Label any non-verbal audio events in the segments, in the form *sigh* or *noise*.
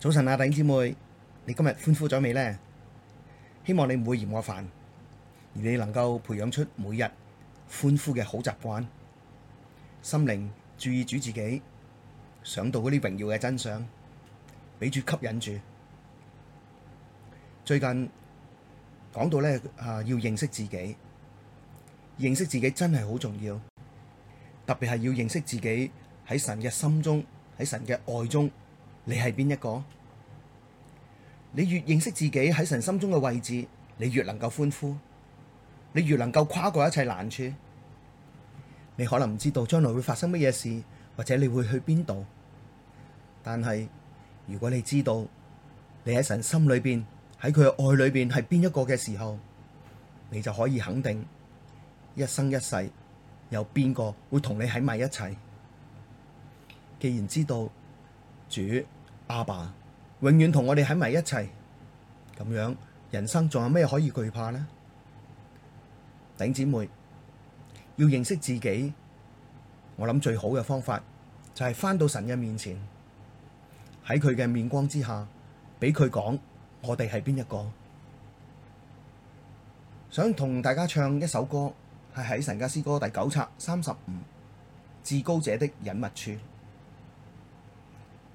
早晨阿、啊、弟兄姊妹，你今日歡呼咗未呢？希望你唔會嫌我煩，而你能夠培養出每日歡呼嘅好習慣。心靈注意住自己，想到嗰啲榮耀嘅真相，俾主吸引住。最近講到咧啊，要認識自己，認識自己真係好重要，特別係要認識自己喺神嘅心中，喺神嘅愛中。你係邊一個？你越認識自己喺神心中嘅位置，你越能夠歡呼，你越能夠跨過一切難處。你可能唔知道將來會發生乜嘢事，或者你會去邊度，但係如果你知道你喺神心裏邊，喺佢嘅愛裏邊係邊一個嘅時候，你就可以肯定一生一世有邊個會同你喺埋一齊。既然知道主。阿爸永遠同我哋喺埋一齊，咁樣人生仲有咩可以懼怕呢？弟姊妹要認識自己，我諗最好嘅方法就係返到神嘅面前，喺佢嘅面光之下，俾佢講我哋係邊一個。想同大家唱一首歌，係喺神家詩歌第九冊三十五，至高者的隱密處。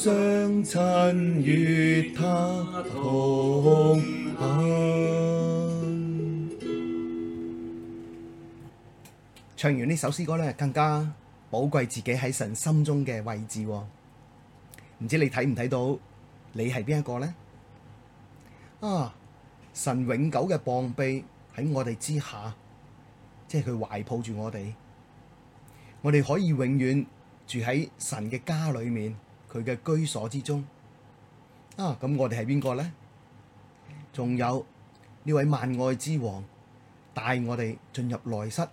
相親與他同行，唱完呢首詩歌呢，更加寶貴自己喺神心中嘅位置。唔知你睇唔睇到？你係邊一個呢？啊！神永久嘅膀臂喺我哋之下，即係佢懷抱住我哋，我哋可以永遠住喺神嘅家裏面。佢嘅居所之中啊，咁我哋係邊個咧？仲有呢位萬愛之王帶我哋進入內室，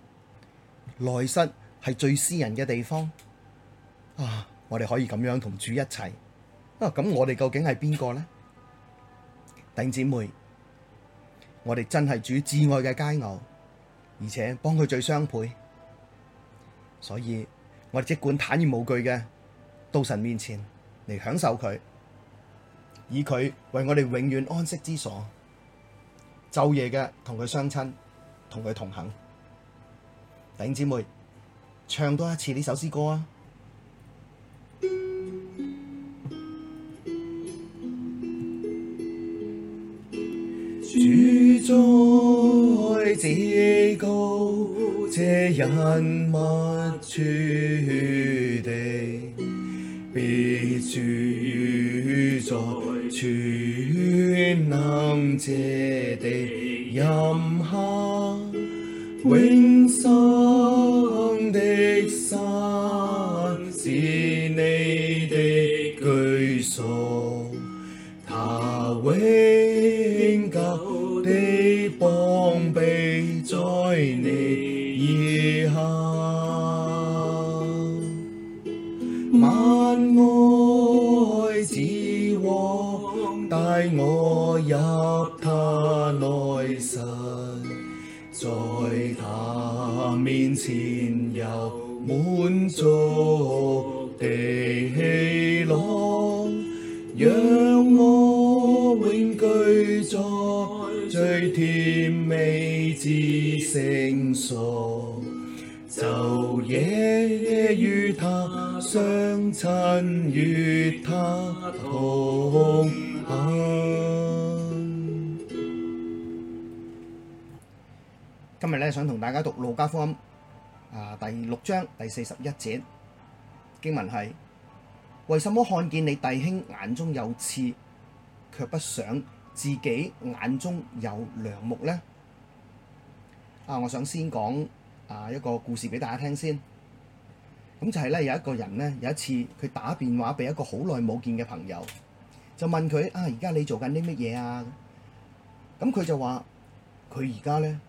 內室係最私人嘅地方啊！我哋可以咁樣同主一齊啊！咁我哋究竟係邊個咧？弟兄姊妹，我哋真係主至愛嘅佳偶，而且幫佢最相配，所以我哋即管坦然無懼嘅。到神面前，嚟享受佢，以佢為我哋永遠安息之所，晝夜嘅同佢相親，同佢同行。弟兄姊妹，唱多一次呢首詩歌啊！住在至高者隱密處的， *music* 必住在全能者的蔭下；永生的神是你的居所，祂永久，在他面前，有滿足的喜樂，讓我永居在最甜美至聖所。就夜夜與他相親，與他同行，啊。今日咧想同大家讀《路加福音》啊，第六章第四十一節經文係：為什麼看見你弟兄眼中有刺，卻不想自己眼中有梁木呢？啊！我想先講啊一個故事俾大家聽先。咁就係咧，有一個人咧，有一次佢打電話俾一個好耐冇見嘅朋友，就問佢啊，而家你做緊啲乜嘢啊？咁佢就話佢而家呢。」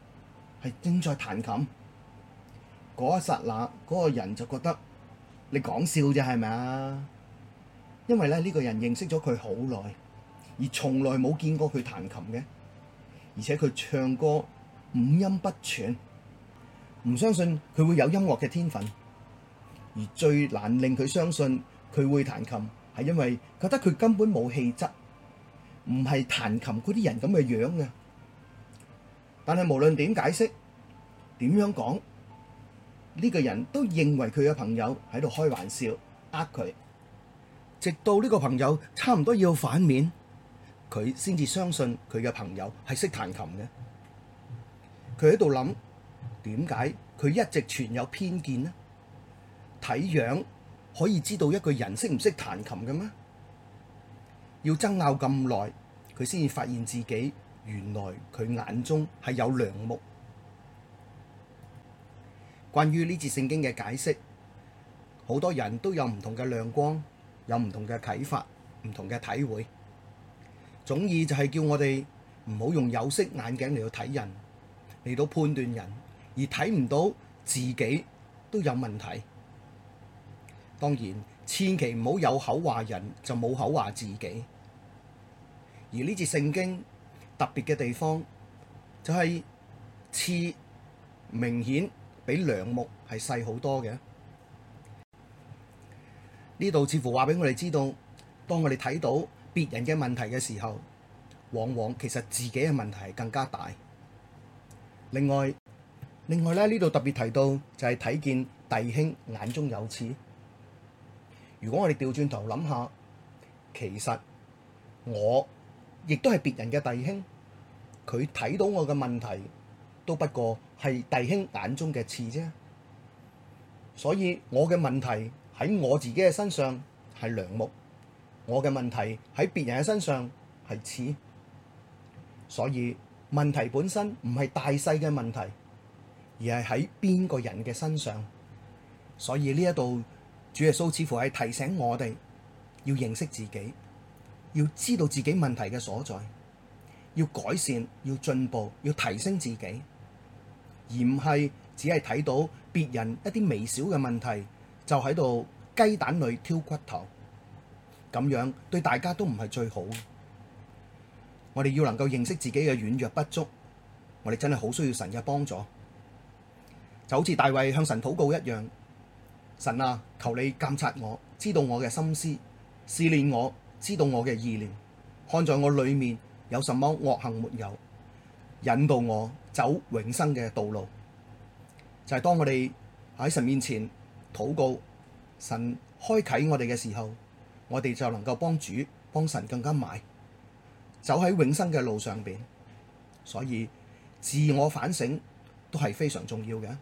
係正在彈琴，嗰一剎那嗰個人就覺得你講笑啫，係咪啊？因為咧呢個人認識咗佢好耐，而從來冇見過佢彈琴嘅，而且佢唱歌五音不全，唔相信佢會有音樂嘅天分。而最難令佢相信佢會彈琴，係因為覺得佢根本冇氣質，唔係彈琴嗰啲人咁嘅樣嘅。但係無論點解釋，點樣講，呢個人都認為佢嘅朋友喺度開玩笑，呃佢。直到呢個朋友差唔多要反面，佢先至相信佢嘅朋友係識彈琴嘅。佢喺度諗點解佢一直存有偏見呢？睇樣可以知道一個人識唔識彈琴嘅咩？要爭拗咁耐，佢先至發現自己。原來佢眼中係有梁木。關於呢節聖經嘅解釋，好多人都有唔同嘅亮光，有唔同嘅啟發，唔同嘅體會。總意就係叫我哋唔好用有色眼鏡嚟到睇人，嚟到判斷人，而睇唔到自己都有問題。當然，千祈唔好有口話人就冇口話自己。而呢節聖經。特別嘅地方就係刺明顯比梁木係細好多嘅，呢度似乎話俾我哋知道，當我哋睇到別人嘅問題嘅時候，往往其實自己嘅問題係更加大。另外，另外咧，呢度特別提到就係睇見弟兄眼中有刺。如果我哋調轉頭諗下，其實我。亦都係別人嘅弟兄，佢睇到我嘅問題，都不過係弟兄眼中嘅刺啫。所以我嘅問題喺我自己嘅身上係梁木，我嘅問題喺別人嘅身上係刺。所以問題本身唔係大細嘅問題，而係喺邊個人嘅身上。所以呢一度，主耶穌似乎係提醒我哋要認識自己。要知道自己問題嘅所在，要改善，要進步，要提升自己，而唔係只係睇到別人一啲微小嘅問題就喺度雞蛋裏挑骨頭，咁樣對大家都唔係最好。我哋要能夠認識自己嘅軟弱不足，我哋真係好需要神嘅幫助，就好似大衛向神禱告一樣，神啊，求你監察我，知道我嘅心思，試煉我。知道我嘅意念，看在我裏面有什麼惡行沒有，引導我走永生嘅道路。就係、是、當我哋喺神面前禱告，神開啟我哋嘅時候，我哋就能夠幫主、幫神更加埋，走喺永生嘅路上邊。所以自我反省都係非常重要嘅，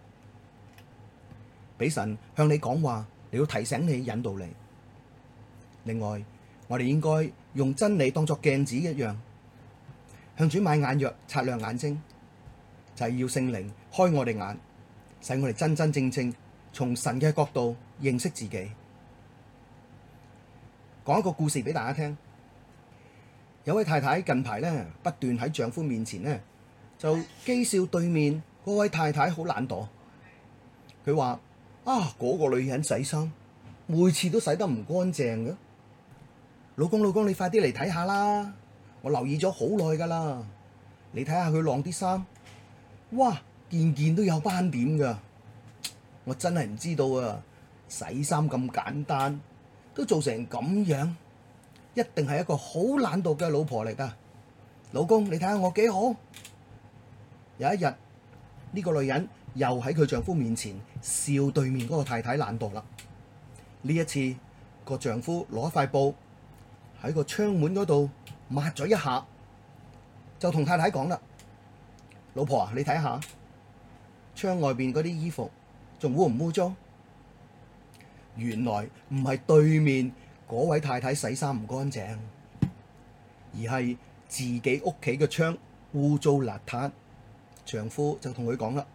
俾神向你講話，你要提醒你、引導你。另外。我哋應該用真理當作鏡子一樣，向主買眼藥擦亮眼睛，就係、是、要聖靈開我哋眼，使我哋真真正正從神嘅角度認識自己。講一個故事俾大家聽，有位太太近排咧不斷喺丈夫面前呢，就譏笑對面嗰位太太好懶惰，佢話：啊，嗰、那個女人洗衫，每次都洗得唔乾淨嘅。老公，老公，你快啲嚟睇下啦！我留意咗好耐噶啦。你睇下佢晾啲衫，哇，件件都有斑點噶。我真係唔知道啊！洗衫咁簡單都做成咁樣，一定係一個好懶惰嘅老婆嚟噶。老公，你睇下我幾好。有一日，呢個女人又喺佢丈夫面前笑對面嗰個太太懶惰啦。呢一次個丈夫攞塊布。喺個窗門嗰度抹咗一下，就同太太講啦：老婆啊，你睇下窗外邊嗰啲衣服仲污唔污糟？原來唔係對面嗰位太太洗衫唔乾淨，而係自己屋企嘅窗污糟邋遢。丈夫就同佢講啦：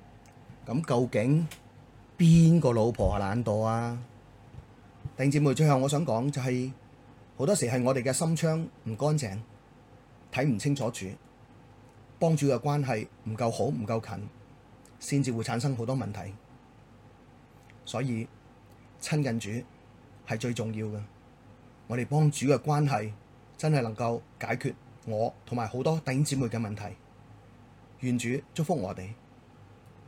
咁究竟邊個老婆係懶惰啊？弟兄姊妹，最後我想講就係、是。好多時係我哋嘅心窗唔乾淨，睇唔清楚主，幫主嘅關係唔夠好唔夠近，先至會產生好多問題。所以親近主係最重要嘅，我哋幫主嘅關係真係能夠解決我同埋好多弟兄姊妹嘅問題。願主祝福我哋。